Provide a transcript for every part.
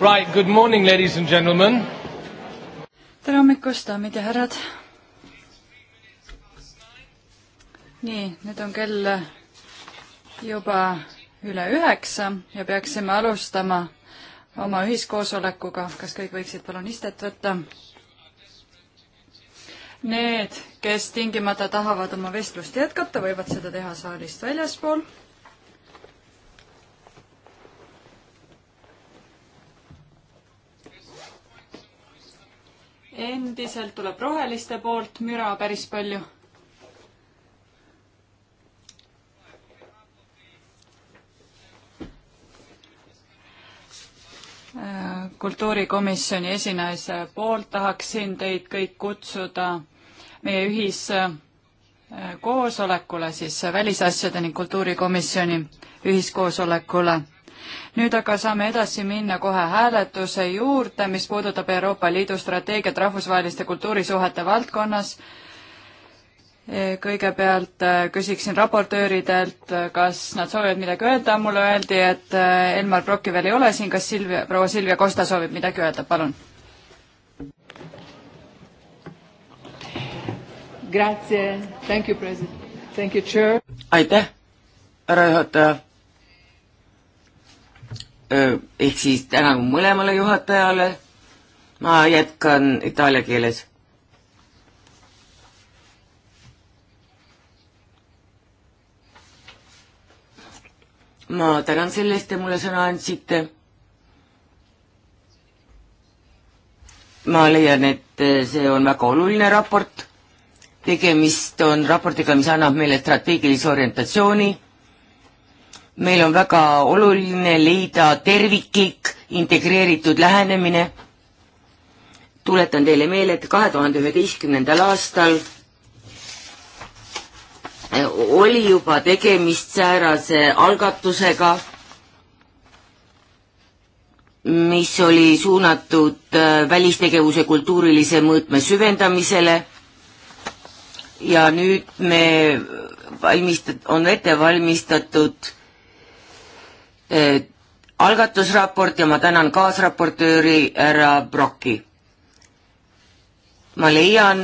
Right, good morning, ladies and gentlemen. tere hommikust, daamid ja härrad. nii, nüüd on kell juba üle üheksa ja peaksime alustama oma ühiskoosolekuga. kas kõik võiksid palun istet võtta? Need, kes tingimata tahavad oma vestlust jätkata, võivad seda teha saalist väljaspool endiselt tuleb roheliste poolt müra päris palju. kultuurikomisjoni esinaise poolt tahaksin teid kõik kutsuda meie ühiskoosolekule, eh, siis välisasjade ning kultuurikomisjoni ühiskoosolekule nüüd aga saame edasi minna kohe hääletuse juurde, mis puudutab Euroopa Liidu strateegiat rahvusvaheliste kultuurisuhete valdkonnas. kõigepealt äh, küsiksin raportööridelt, äh, kas nad soovivad midagi öelda, mulle öeldi, et äh, Elmar Brocki veel ei ole siin, kas Silvia, proua Silvia Kosta soovib midagi öelda, palun? Grazie, thank you, president, thank you, chair. aitäh, härra juhataja ehk siis tänan mõlemale juhatajale. ma jätkan itaalia keeles. ma tänan selle eest, et mulle sõna andsite. ma leian, et see on väga oluline raport. tegemist on raportiga, mis annab meile strateegilise orientatsiooni meil on väga oluline leida terviklik integreeritud lähenemine. tuletan teile meelde, et kahe tuhande üheteistkümnendal aastal eh, oli juba tegemist säärase algatusega, mis oli suunatud eh, välistegevuse kultuurilise mõõtme süvendamisele ja nüüd me valmistad, on ette valmistatud Eh, algatusraport ja ma tänan kaasraportööri härra Brocki. ma leian,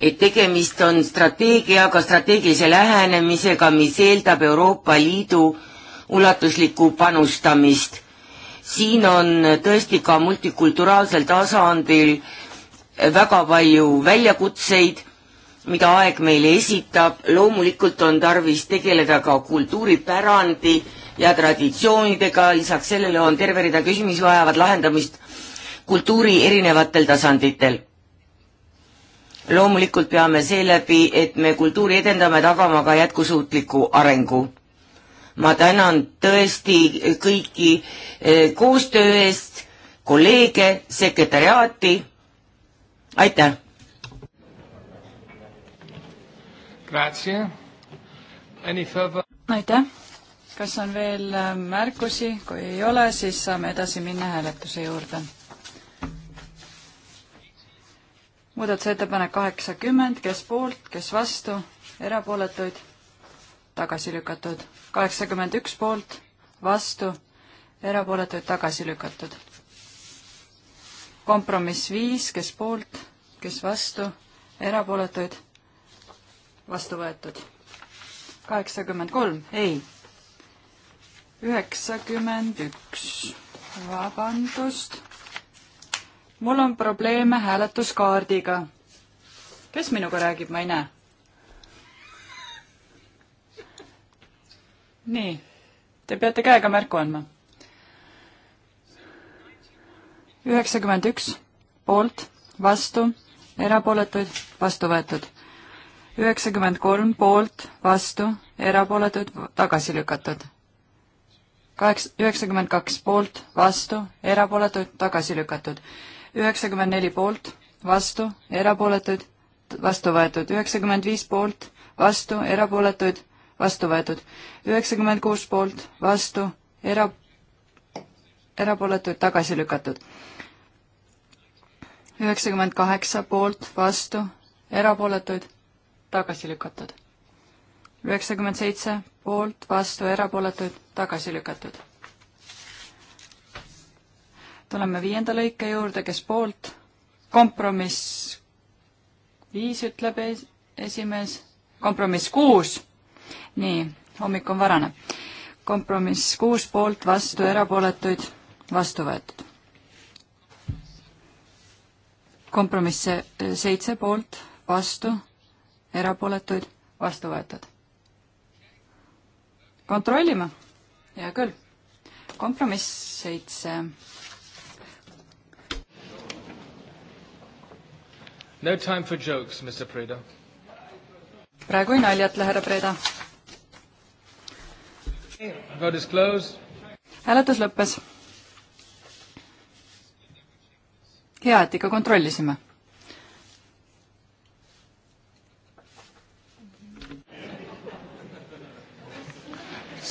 et tegemist on strateegiaga, strateegilise lähenemisega, mis eeldab Euroopa Liidu ulatuslikku panustamist. siin on tõesti ka multikulturaalsel tasandil väga palju väljakutseid mida aeg meile esitab, loomulikult on tarvis tegeleda ka kultuuripärandi ja traditsioonidega, lisaks sellele on terve rida küsimusi vajavad lahendamist kultuuri erinevatel tasanditel. loomulikult peame seeläbi, et me kultuuri edendame, tagama ka jätkusuutliku arengu. ma tänan tõesti kõiki eh, koostöö eest, kolleege, sekretäriaati, aitäh! aitäh. kas on veel äh, märkusi? kui ei ole, siis saame edasi minna hääletuse juurde. muudatusettepanek kaheksakümmend, kes poolt, kes vastu, erapooletuid, tagasi lükatud. kaheksakümmend üks poolt, vastu, erapooletuid tagasi lükatud. kompromiss viis, kes poolt, kes vastu, erapooletuid vastu võetud. kaheksakümmend kolm, ei. üheksakümmend üks, vabandust. mul on probleeme hääletuskaardiga. kes minuga räägib, ma ei näe. nii, te peate käega märku andma. üheksakümmend üks, poolt, vastu, erapooletuid, vastu võetud üheksakümmend kolm poolt, vastu, erapooletud, tagasi lükatud. kaheksa, üheksakümmend kaks poolt, vastu, erapooletud, tagasi lükatud. üheksakümmend neli poolt, vastu, erapooletud, vastu võetud. üheksakümmend viis poolt, vastu, erapooletud, vastu võetud. üheksakümmend kuus poolt, vastu, era-, erapooletud, tagasi lükatud. üheksakümmend kaheksa poolt, vastu, erapooletuid tagasi lükatud. üheksakümmend seitse poolt, vastu, erapooletuid, tagasi lükatud. tuleme viienda lõike juurde, kes poolt, kompromiss viis ütleb es esimees, kompromiss kuus. nii, hommik on varane. kompromiss kuus poolt, vastu, erapooletuid, vastu võetud. kompromiss seitse poolt, vastu erapooletuid, vastu võetud. kontrollime, hea küll. kompromiss seitse. No time for jokes, Mr Preda. praegu ei naljatle, härra Preda. Vote is closed. hääletus lõppes. hea, et ikka kontrollisime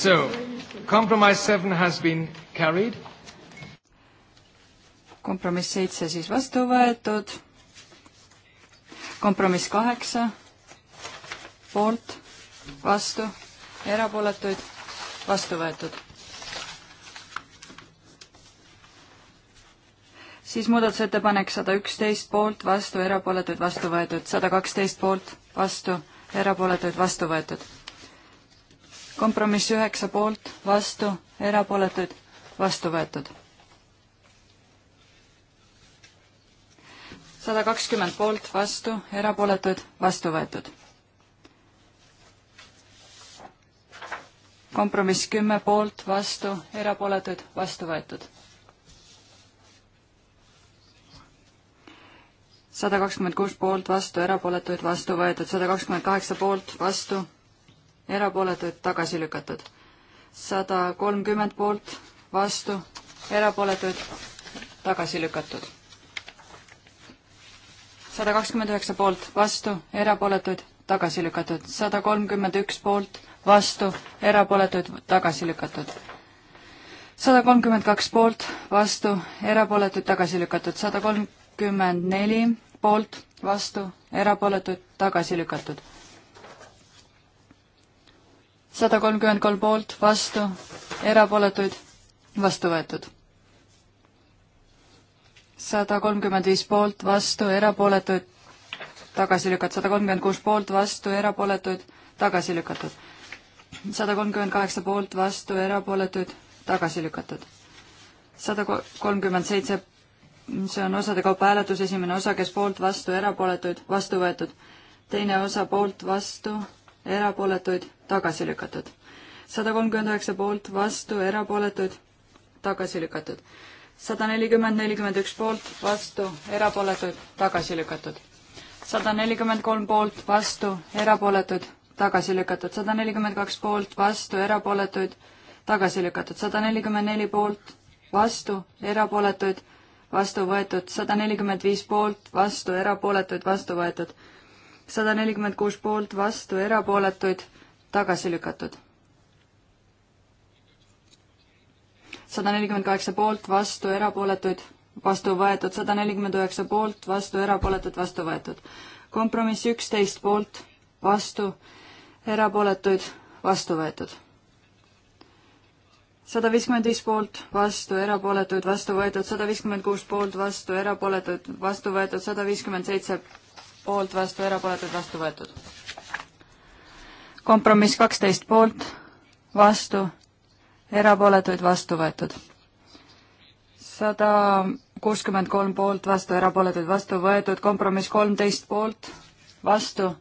So, compromise seven has been carried. kompromiss seitse siis vastu võetud. kompromiss kaheksa, poolt, vastu, erapooletuid, vastu võetud. siis muudatusettepanek sada üksteist poolt, vastu, erapooletuid, vastu võetud, sada kaksteist poolt, vastu, erapooletuid, vastu võetud kompromiss üheksa poolt, vastu, erapooletuid, vastu võetud. sada kakskümmend poolt, vastu, erapooletuid, vastu võetud. kompromiss kümme poolt, vastu, erapooletuid, vastu võetud. sada kakskümmend kuus poolt, vastu, erapooletuid, vastu võetud, sada kakskümmend kaheksa poolt, vastu erapooletuid tagasi lükatud. sada kolmkümmend poolt, vastu, erapooletuid tagasi lükatud. sada kakskümmend üheksa poolt, vastu, erapooletuid tagasi lükatud. sada kolmkümmend üks poolt, vastu, erapooletuid tagasi lükatud sada kolmkümmend kaks poolt, vastu, erapooletuid tagasi lükatud, sada kolmkümmend neli poolt, vastu, erapooletuid tagasi lükatud sada kolmkümmend kolm poolt, vastu, erapooletuid, vastu võetud. sada kolmkümmend viis poolt, vastu, erapooletuid, tagasi lükatud, sada kolmkümmend kuus poolt, vastu, erapooletuid, tagasi lükatud. sada kolmkümmend kaheksa poolt, vastu, erapooletuid, tagasi lükatud. sada kolmkümmend seitse, see on osade kaupa hääletus, esimene osa, kes poolt, vastu, erapooletuid, vastu võetud. teine osa poolt, vastu, erapooletuid tagasi lükatud. sada kolmkümmend üheksa poolt, vastu, erapooletuid, tagasi lükatud. sada nelikümmend, nelikümmend üks poolt, vastu, erapooletuid, tagasi lükatud. sada nelikümmend kolm poolt, vastu, erapooletuid, tagasi lükatud. sada nelikümmend kaks poolt, vastu, erapooletuid, tagasi lükatud. sada nelikümmend neli poolt, vastu, erapooletuid, vastu võetud. sada nelikümmend viis poolt, vastu, erapooletuid, vastu võetud sada nelikümmend kuus poolt, vastu, erapooletuid, tagasi lükatud. sada nelikümmend kaheksa poolt, vastu, erapooletuid, vastu võetud, sada nelikümmend üheksa poolt, vastu, erapooletud, vastu võetud. kompromiss üksteist poolt, vastu, erapooletuid, vastu võetud. sada viiskümmend viis poolt, vastu, erapooletuid, vastu võetud, sada viiskümmend kuus poolt, vastu, erapooletuid, vastu võetud, sada viiskümmend seitse poolt, vastu, erapooletuid, vastu võetud kompromiss kaksteist poolt, vastu, erapooletuid vastu võetud. sada kuuskümmend kolm poolt, vastu, erapooletuid vastu võetud, kompromiss kolmteist poolt, vastu,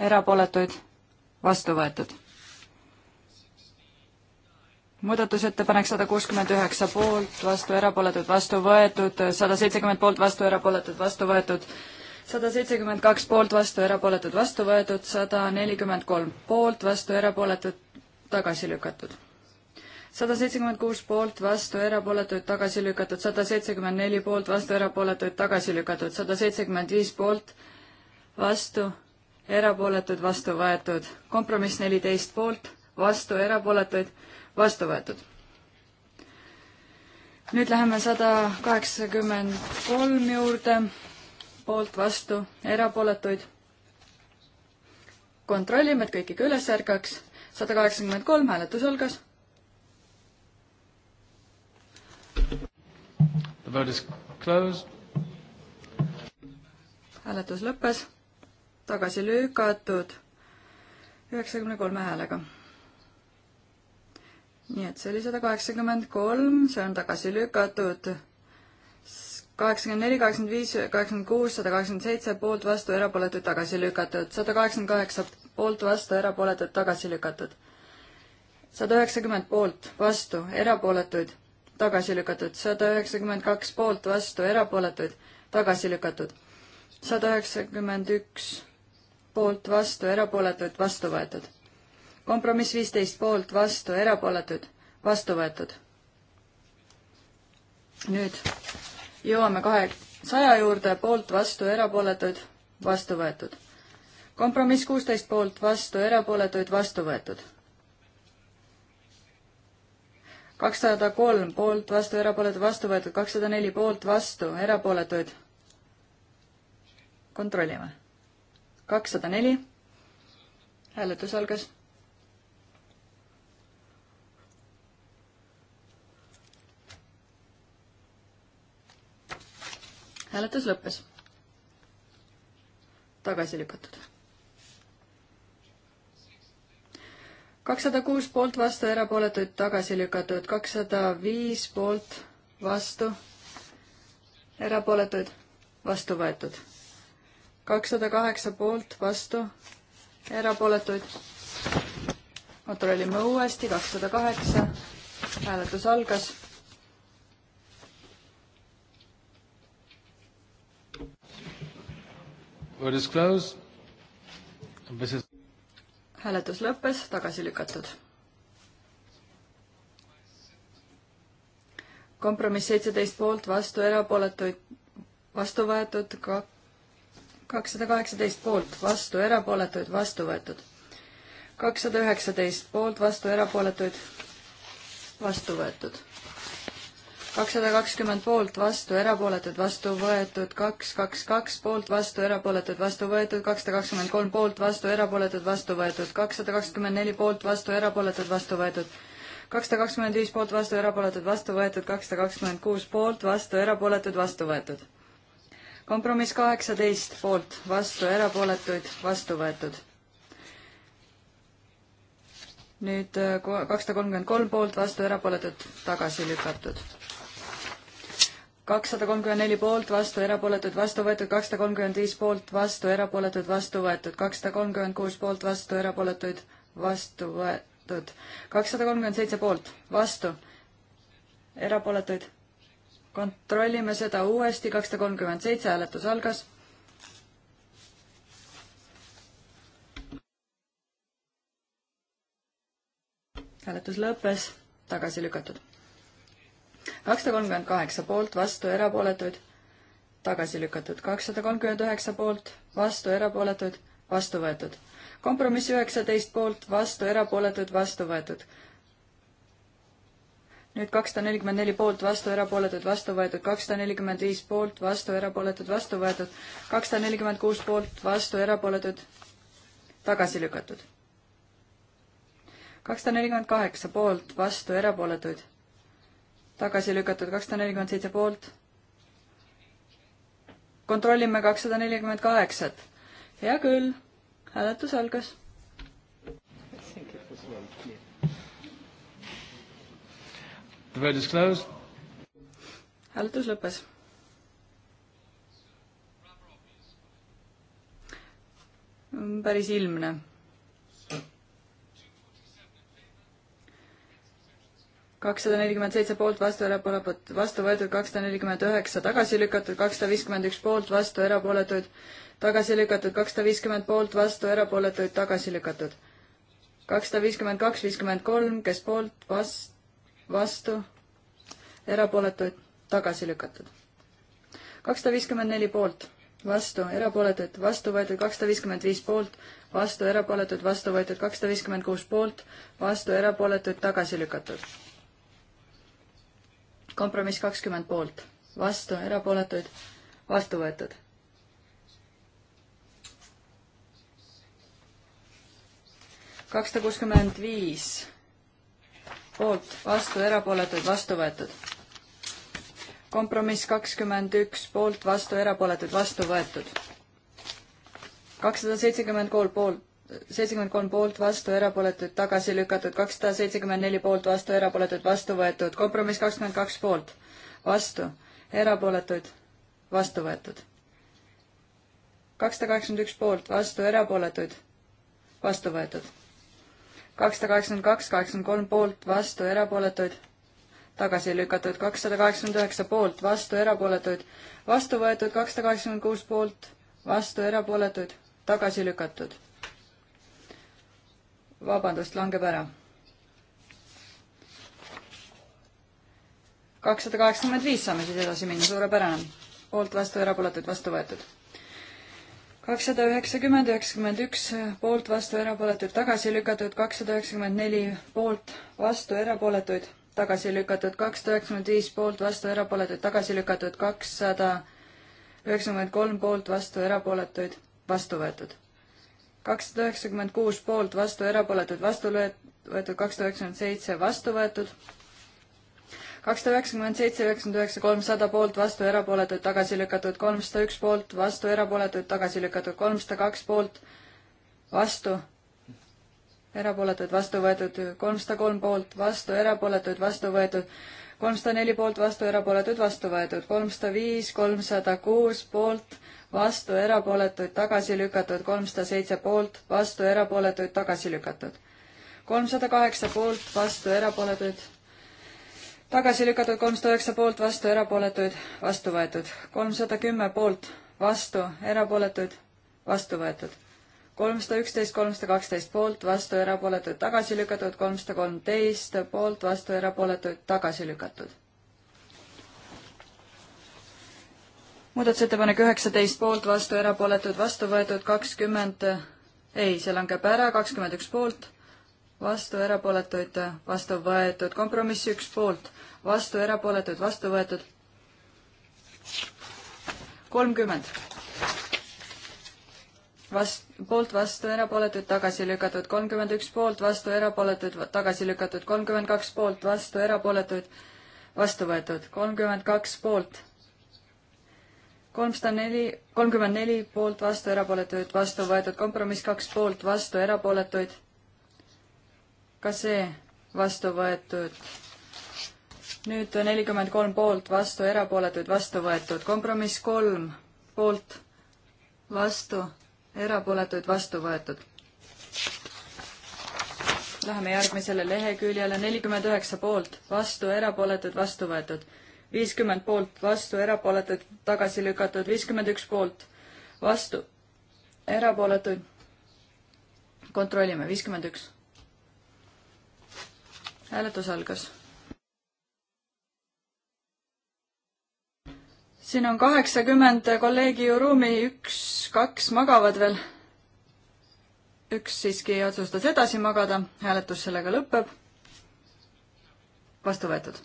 erapooletuid vastu võetud. muudatusettepanek sada kuuskümmend üheksa poolt, vastu, erapooletuid vastu võetud, sada seitsekümmend poolt, vastu, erapooletuid vastu võetud, sada seitsekümmend kaks poolt, vastu, erapooletud, vastu võetud, sada nelikümmend kolm poolt, vastu, erapooletud, tagasi lükatud. sada seitsekümmend kuus poolt, vastu, erapooletuid, tagasi lükatud, sada seitsekümmend neli poolt, vastu, erapooletuid, tagasi lükatud, sada seitsekümmend viis poolt, vastu, erapooletud, vastu võetud. kompromiss neliteist poolt, vastu, erapooletuid, vastu võetud. nüüd läheme sada kaheksakümmend kolm juurde poolt, vastu, erapooletuid. kontrollime, et kõik ikka üles ärkaks. sada kaheksakümmend kolm hääletus algas. The vote is closed. hääletus lõppes, tagasi lükatud üheksakümne kolme häälega nii et see oli sada kaheksakümmend kolm, see on tagasi lükatud kaheksakümmend neli, kaheksakümmend viis, kaheksakümmend kuus, sada kaheksakümmend seitse poolt, vastu, erapooletuid tagasi lükatud, sada kaheksakümmend kaheksa poolt, vastu, erapooletuid tagasi lükatud, sada üheksakümmend poolt, vastu, erapooletuid tagasi lükatud, sada üheksakümmend kaks poolt, vastu, erapooletuid tagasi lükatud, sada üheksakümmend üks poolt, vastu, erapooletuid vastu võetud. kompromiss viisteist poolt, vastu, erapooletuid vastu võetud. nüüd jõuame kahe saja juurde, poolt, vastu, erapooletuid, vastu võetud. kompromiss kuusteist poolt, vastu, erapooletuid, vastu võetud. kakssada kolm poolt, vastu, erapooletuid, vastu võetud, kakssada neli poolt, vastu, erapooletuid. kontrollime. kakssada neli. hääletus algas hääletus lõppes. tagasi lükatud. kakssada kuus poolt vastu, erapooletuid tagasi lükatud, kakssada viis poolt vastu, erapooletuid vastu võetud. kakssada kaheksa poolt vastu, erapooletuid. kontrollime uuesti, kakssada kaheksa, hääletus algas Vote is closed. Is... hääletus lõppes, tagasi lükatud. kompromiss seitseteist poolt, vastu erapooletuid, vastu võetud ka kakssada kaheksateist poolt, vastu erapooletuid, vastu võetud. kakssada üheksateist poolt, vastu erapooletuid, vastu võetud kakssada kakskümmend poolt, vastu, erapooletud, vastu võetud, kaks, kaks, kaks poolt, vastu, erapooletud, vastu võetud, kakssada kakskümmend kolm poolt, vastu, erapooletud, vastu võetud, kakssada kakskümmend neli poolt, vastu, erapooletud, vastu võetud, kakssada kakskümmend viis poolt, vastu, erapooletud, vastu võetud, kakssada kakskümmend kuus poolt, vastu, erapooletud, vastu võetud. kompromiss kaheksateist poolt, vastu, erapooletuid, vastu võetud nüüd äh, kakssada kolmkümmend kolm poolt, vastu erapooletud, tagasi lükatud kakssada kolmkümmend neli poolt, vastu, erapooletud, vastu võetud, kakssada kolmkümmend viis poolt, vastu, erapooletud, vastu võetud, kakssada kolmkümmend kuus poolt, vastu, erapooletuid, vastu võetud, kakssada kolmkümmend seitse poolt, vastu, erapooletuid. kontrollime seda uuesti, kakssada kolmkümmend seitse, hääletus algas. hääletus lõppes, tagasi lükatud kakssada kolmkümmend kaheksa poolt, vastu, erapooletuid, tagasi lükatud. kakssada kolmkümmend üheksa poolt, vastu, erapooletuid, vastu võetud. kompromiss üheksateist poolt, vastu, erapooletuid, vastu võetud nüüd kakssada nelikümmend neli poolt, vastu, erapooletud, vastu võetud, kakssada nelikümmend viis poolt, vastu, erapooletud, vastu võetud, kakssada nelikümmend kuus poolt, vastu, erapooletud, tagasi lükatud. kakssada nelikümmend kaheksa poolt, vastu, erapooletuid, tagasi lükatud kakssada nelikümmend seitse poolt. kontrollime kakssada nelikümmend kaheksat. hea küll, hääletus algas. hääletus lõppes. päris ilmne kakssada nelikümmend seitse poolt, vastu, erapooletud, vastu võetud kakssada nelikümmend üheksa, tagasi lükatud kakssada viiskümmend üks poolt, vastu, erapooletuid, tagasi lükatud kakssada viiskümmend poolt, vastu, erapooletuid, tagasi lükatud. kakssada viiskümmend kaks, viiskümmend kolm, kes poolt, vas-, vastu, erapooletuid, tagasi lükatud. kakssada viiskümmend neli poolt, vastu, erapooletuid, vastu võetud kakssada viiskümmend viis poolt, vastu, erapooletuid, vastu võetud kakssada viiskümmend kuus poolt, vastu, erapooletuid, tagasi lükatud kompromiss kakskümmend poolt, vastu, erapooletuid, vastu võetud. kakssada kuuskümmend viis poolt, vastu, erapooletuid, vastu võetud. kompromiss kakskümmend üks poolt, vastu, erapooletuid, vastu võetud. kakssada seitsekümmend kolm poolt, seitsekümmend kolm poolt, vastu, erapooletuid tagasi lükatud, kakssada seitsekümmend neli poolt, vastu, erapooletuid vastu võetud, kompromiss kakskümmend kaks poolt, vastu, erapooletuid vastu võetud. kakssada kaheksakümmend üks poolt, vastu, erapooletuid vastu võetud. kakssada kaheksakümmend kaks, kaheksakümmend kolm poolt, vastu, erapooletuid tagasi lükatud, kakssada kaheksakümmend üheksa poolt, vastu erapooletuid, vastu võetud kakssada kaheksakümmend kuus poolt, vastu erapooletuid, tagasi lükatud vabandust, langeb ära. kakssada kaheksakümmend viis saame siis edasi minna, suurepärane. poolt, vastu, erapooletuid, vastu võetud. kakssada üheksakümmend, üheksakümmend üks, poolt, vastu, erapooletuid, tagasi lükatud, kakssada üheksakümmend neli, poolt, vastu, erapooletuid, tagasi lükatud, kakssada üheksakümmend viis, poolt, vastu, erapooletuid, tagasi lükatud, kakssada üheksakümmend kolm, poolt, vastu, erapooletuid, vastu võetud kakssada üheksakümmend kuus poolt, vastu erapooletud, vastu võetud kakssada üheksakümmend seitse, vastu võetud kakssada üheksakümmend seitse, üheksakümmend üheksa, kolmsada poolt, vastu erapooletuid, tagasi lükatud kolmsada üks poolt, vastu erapooletuid, tagasi lükatud kolmsada kaks poolt, vastu erapooletuid, vastu võetud kolmsada kolm poolt, vastu erapooletuid, vastu võetud kolmsada neli poolt, vastu, erapooletuid, vastu võetud. kolmsada viis, kolmsada kuus poolt, vastu, erapooletuid, tagasi lükatud. kolmsada seitse poolt, vastu, erapooletuid, tagasi lükatud. kolmsada kaheksa poolt, vastu, erapooletuid, tagasi lükatud. kolmsada üheksa poolt, vastu, erapooletuid, vastu võetud. kolmsada kümme poolt, vastu, erapooletuid, vastu võetud kolmsada üksteist, kolmsada kaksteist poolt, vastu, erapooletuid tagasi lükatud, kolmsada kolmteist poolt, vastu, erapooletuid tagasi lükatud. muudatusettepanek üheksateist poolt, vastu, erapooletuid vastu võetud, kakskümmend, ei, see langeb ära, kakskümmend üks poolt, vastu, erapooletuid vastu võetud, kompromiss üks poolt, vastu, erapooletuid vastu võetud, kolmkümmend vast-, poolt, vastu, erapooletud, tagasi lükatud, kolmkümmend üks poolt, vastu, erapooletud, tagasi lükatud, kolmkümmend kaks poolt, vastu, erapooletud, vastu võetud, kolmkümmend kaks poolt, kolmsada neli, kolmkümmend neli poolt, vastu, erapooletuid, vastu võetud, kompromiss kaks poolt, vastu, erapooletuid, ka see vastu võetud nüüd nelikümmend kolm poolt, vastu, erapooletuid, vastu võetud, kompromiss kolm poolt, vastu, erapooletuid vastu võetud. Läheme järgmisele leheküljele, nelikümmend üheksa poolt, vastu, erapooletuid, vastu võetud. viiskümmend poolt, vastu, erapooletuid, tagasi lükatud, viiskümmend üks poolt, vastu, erapooletuid. kontrollime, viiskümmend üks. hääletus algas siin on kaheksakümmend kolleegi ju ruumi, üks, kaks magavad veel. üks siiski otsustas edasi magada, hääletus sellega lõpeb. vastu võetud.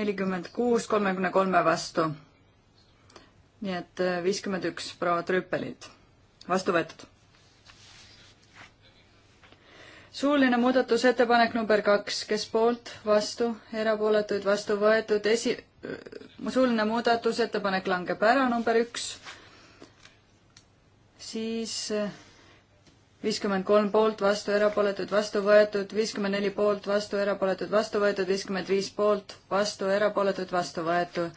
nelikümmend kuus, kolmekümne kolme vastu. nii et viiskümmend üks proua Trüppelilt. vastu võetud suuline muudatusettepanek number kaks, kes poolt, vastu, erapooletuid, vastu võetud, esi-, äh, suuline muudatusettepanek langeb ära, number üks, siis äh, viiskümmend kolm poolt, vastu, erapooletuid, vastu võetud, viiskümmend neli poolt, vastu, erapooletuid, vastu võetud, viiskümmend viis poolt, vastu, erapooletuid, vastu võetud,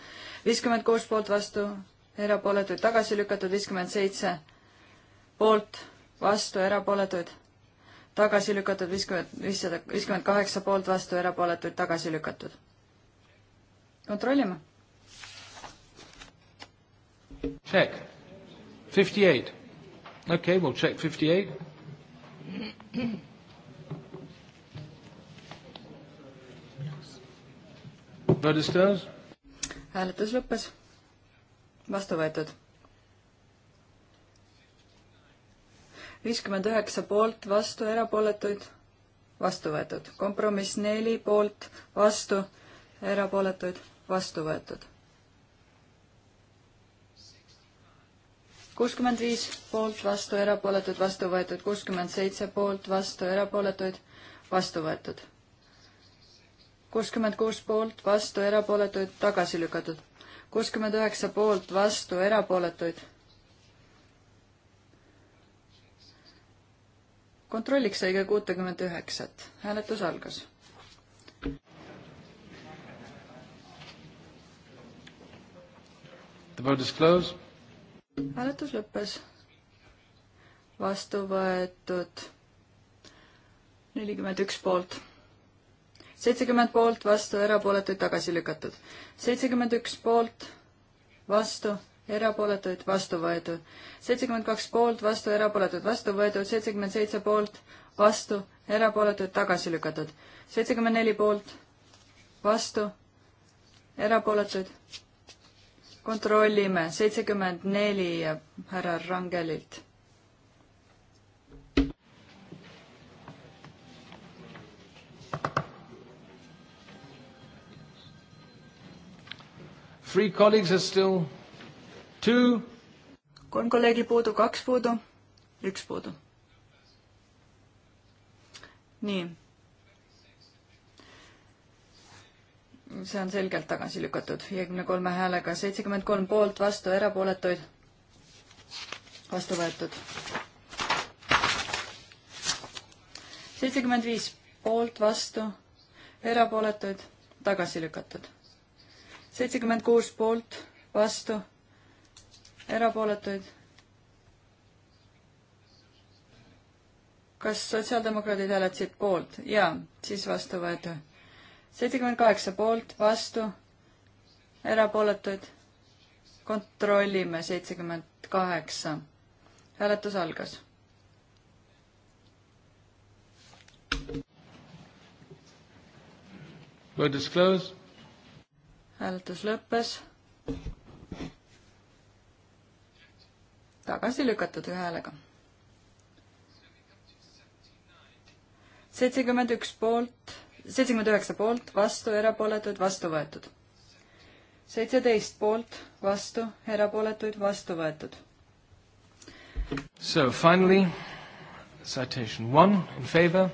viiskümmend kuus poolt, vastu, erapooletuid, tagasi lükatud, viiskümmend seitse poolt, vastu, erapooletuid tagasi lükatud, viiskümmend, viissada, viiskümmend kaheksa poolt vastu, erapooletuid tagasi lükatud. kontrollime. Check. Fifty eight. Okay, we will check fifty eight. Vote is closed. hääletus lõppes. vastu võetud viiskümmend üheksa poolt, vastu, erapooletuid, vastu võetud. kompromiss neli poolt, vastu, erapooletuid, vastu võetud. kuuskümmend viis poolt, vastu, erapooletuid, vastu võetud. kuuskümmend seitse poolt, vastu, erapooletuid, vastu võetud. kuuskümmend kuus poolt, vastu, erapooletuid, tagasi lükatud. kuuskümmend üheksa poolt, vastu, erapooletuid kontrolliks lõige kuutekümmet üheksat. hääletus algas. hääletus lõppes. vastu võetud nelikümmend üks poolt, seitsekümmend poolt, vastu, erapooletuid tagasi lükatud. seitsekümmend üks poolt, vastu erapooletuid, vastu võetud. seitsekümmend kaks poolt, vastu, erapooletuid, vastu võetud, seitsekümmend seitse poolt, vastu, erapooletuid, tagasi lükatud. seitsekümmend neli poolt, vastu, erapooletuid. kontrollime, seitsekümmend neli härra Rangelilt. Three colleagues are still two. kolm kolleegi puudu, kaks puudu, üks puudu. nii. see on selgelt tagasi lükatud, viiekümne kolme häälega, seitsekümmend kolm poolt, vastu, erapooletuid. vastu võetud. seitsekümmend viis poolt, vastu, erapooletuid, tagasi lükatud. seitsekümmend kuus poolt, vastu erapooletuid. kas sotsiaaldemokraadid hääletasid poolt? jaa, siis vastu võetud. seitsekümmend kaheksa poolt, vastu, erapooletuid. kontrollime seitsekümmend kaheksa. hääletus algas. hääletus lõppes tagasi lükatud ühe häälega. seitsekümmend üks poolt, seitsekümmend üheksa poolt, vastu, erapooletuid, vastu võetud. seitseteist poolt, vastu, erapooletuid, vastu võetud. So finally citation one in favor,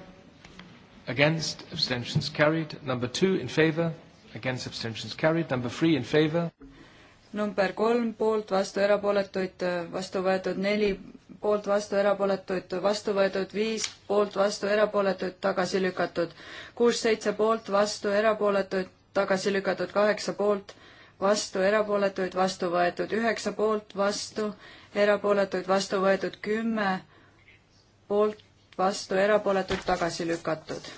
against, abstentions carried, number two in favor, against abstentions carried, number three in favor number kolm poolt, vastu, erapooletuid, vastu võetud neli poolt, vastu, erapooletuid, vastu võetud viis poolt, vastu, erapooletuid, tagasi lükatud. kuus-seitse poolt, vastu, erapooletuid, tagasi lükatud, kaheksa poolt, vastu, erapooletuid, vastu võetud, üheksa poolt, vastu, erapooletuid, vastu võetud, kümme poolt, vastu, erapooletuid, tagasi lükkatud.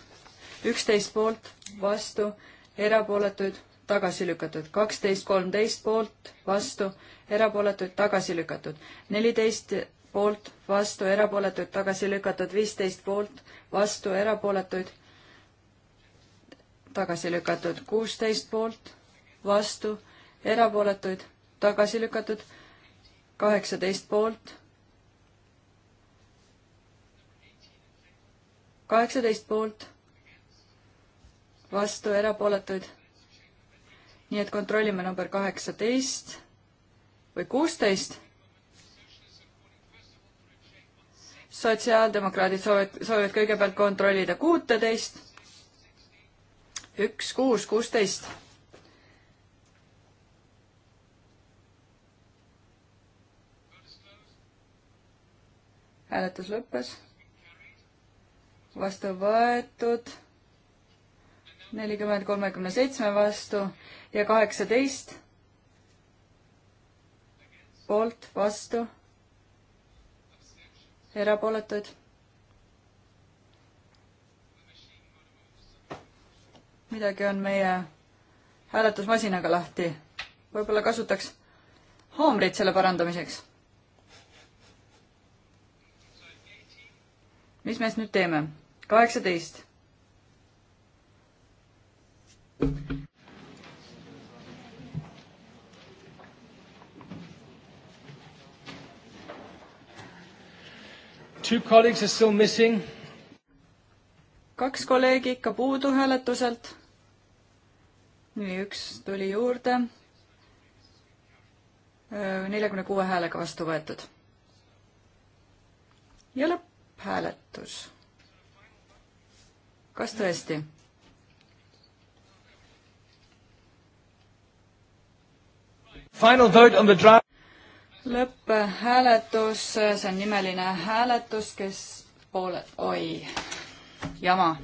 üksteist poolt, vastu, erapooletuid tagasi lükatud, kaksteist, kolmteist poolt, vastu, erapooletuid tagasi lükatud, neliteist poolt, vastu, erapooletuid tagasi lükatud, viisteist poolt, vastu, erapooletuid tagasi lükatud, kuusteist poolt, vastu, erapooletuid tagasi lükatud, kaheksateist poolt, kaheksateist poolt, vastu, erapooletuid nii et kontrollime number kaheksateist või kuusteist. sotsiaaldemokraadid soovivad, soovivad kõigepealt kontrollida kuuteteist, üks, kuus, kuusteist. hääletus lõppes. vastu võetud nelikümmend kolmekümne seitsme vastu ja kaheksateist poolt, vastu, erapooletuid. midagi on meie hääletusmasinaga lahti. võib-olla kasutaks haamrit selle parandamiseks. mis me siis nüüd teeme? kaheksateist. Two colleagues are still missing. kaks kolleegi ikka puudu hääletuselt. nii, üks tuli juurde. neljakümne kuue häälega vastu võetud. ja lõpphääletus. kas tõesti? Final vote on the draft lõpphääletus, see on nimeline hääletus, kes poole, oi, jama.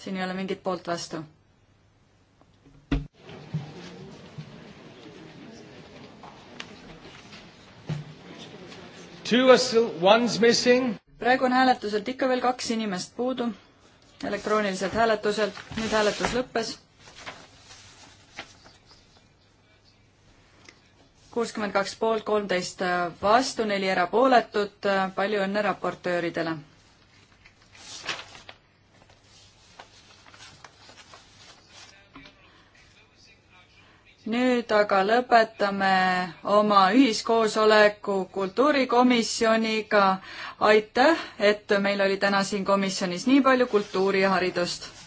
siin ei ole mingit poolt vastu. praegu on hääletuselt ikka veel kaks inimest puudu elektrooniliselt hääletuselt, nüüd hääletus lõppes kuuskümmend kaks poolt, kolmteist äh, vastu, neli erapooletut, äh, palju õnne raportööridele! nüüd aga lõpetame oma ühiskoosoleku kultuurikomisjoniga. aitäh, et meil oli täna siin komisjonis nii palju kultuuri ja haridust!